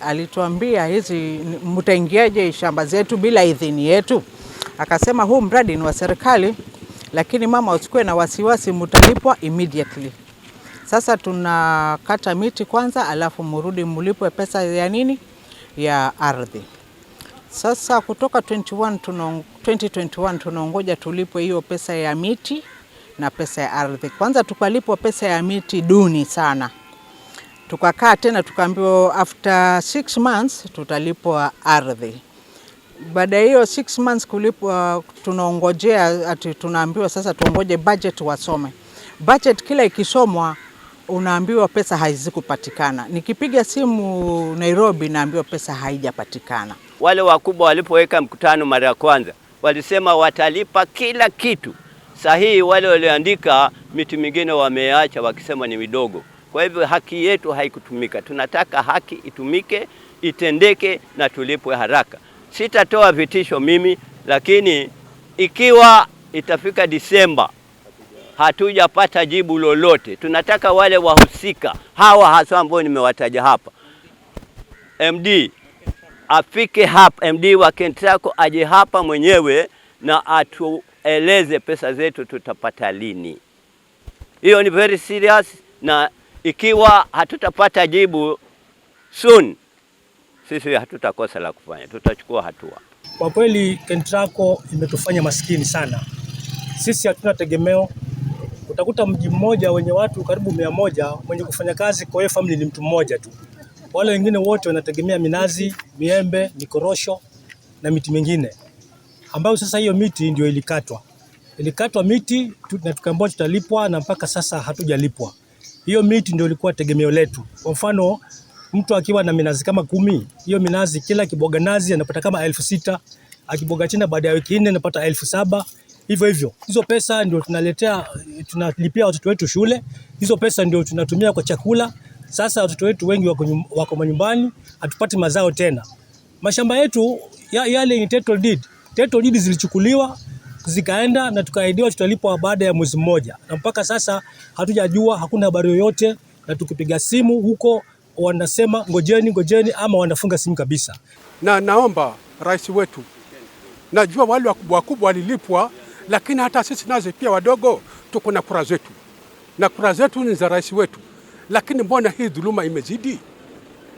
Alituambia hizi mtaingiaje shamba zetu bila idhini yetu? Akasema huu mradi ni wa serikali, lakini mama, usikue na wasiwasi, mtalipwa immediately. Sasa tunakata miti kwanza, alafu murudi mulipwe pesa ya nini, ya ardhi. Sasa kutoka 21 tunong, 2021 tunaongoja tulipwe hiyo pesa ya miti na pesa ya ardhi. Kwanza tukalipwa pesa ya miti duni sana tukakaa tena tukaambiwa after six months tutalipwa ardhi. Baada ya hiyo six months kulipwa, tunaongojea ati tunaambiwa sasa tuongoje budget wasome. Budget kila ikisomwa unaambiwa pesa hazikupatikana. Nikipiga simu Nairobi naambiwa pesa haijapatikana. Wale wakubwa walipoweka mkutano mara ya kwanza walisema watalipa kila kitu. Sahihi wale walioandika miti mingine wameacha wakisema ni midogo. Kwa hivyo haki yetu haikutumika, tunataka haki itumike, itendeke na tulipwe haraka. Sitatoa vitisho mimi, lakini ikiwa itafika Disemba hatujapata jibu lolote, tunataka wale wahusika hawa hasa ambao nimewataja hapa, MD afike hapa, MD wa KETRACO aje hapa mwenyewe na atueleze pesa zetu tutapata lini. Hiyo ni very serious na ikiwa hatutapata jibu soon, sisi hatutakosa la kufanya, tutachukua hatua. Kwa kweli KETRACO imetufanya maskini sana, sisi hatuna tegemeo. Utakuta mji mmoja wenye watu karibu mia moja mwenye kufanya kazi kwa hiyo family ni mtu mmoja tu, wale wengine wote wanategemea minazi, miembe, mikorosho na miti mingine ambayo sasa hiyo miti ndio ilikatwa, ilikatwa miti na tukaambiwa tutalipwa, na mpaka sasa hatujalipwa. Hiyo miti ndio ilikuwa tegemeo letu. Kwa mfano mtu akiwa na minazi kama kumi, hiyo minazi kila kiboga nazi anapata kama elfu sita akiboga china, baada ya wiki nne anapata elfu saba hivyo hivyo. Hizo pesa ndio tunaletea, tunalipia watoto wetu shule, hizo pesa ndio tunatumia kwa chakula. Sasa watoto wetu wengi wako, wako manyumbani, hatupati mazao tena. Mashamba yetu ya, yale ni title deed. Title deed zilichukuliwa zikaenda na tukaahidiwa tutalipwa baada ya mwezi mmoja, na mpaka sasa hatujajua, hakuna habari yoyote, na tukipiga simu huko wanasema ngojeni, ngojeni, ama wanafunga simu kabisa. Na naomba rais wetu, najua wale wakubwa wakubwa walilipwa, lakini hata sisi nazi pia wadogo tuko na kura zetu, na kura zetu ni za rais wetu, lakini mbona hii dhuluma imezidi?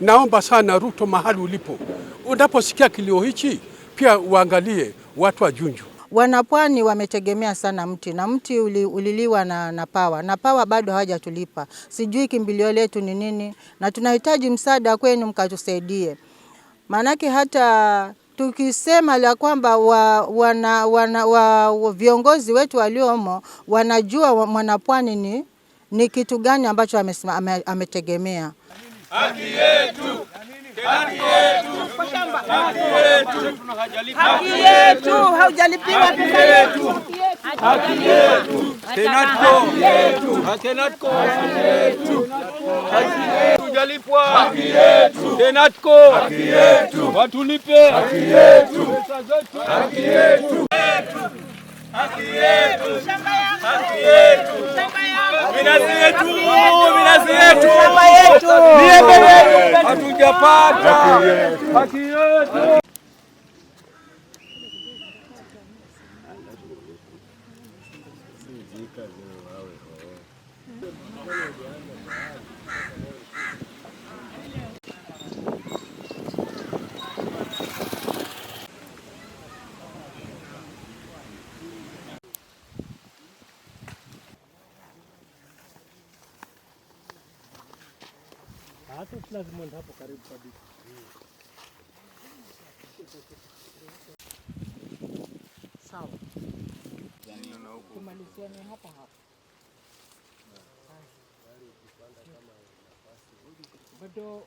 Naomba sana Ruto, mahali ulipo, unaposikia kilio hichi, pia uangalie watu wa Junju. Wanapwani wametegemea sana mti na mti uli, uliliwa na, na pawa na pawa bado hawajatulipa. Sijui kimbilio letu ni nini, na tunahitaji msaada kwenu mkatusaidie, maanake hata tukisema la kwamba wa, wana, wana, wa, wa, viongozi wetu waliomo wanajua mwanapwani ni, ni kitu gani ambacho ametegemea. Haki yetu Haki yetu haujalipiwa watulipe haki yetu minazi yetu, minazi yetu, hatujapata haki yetu. hasa lazima ndo hapo karibu kabisa. Sawa, yaani tumaliziane hapa hapa bado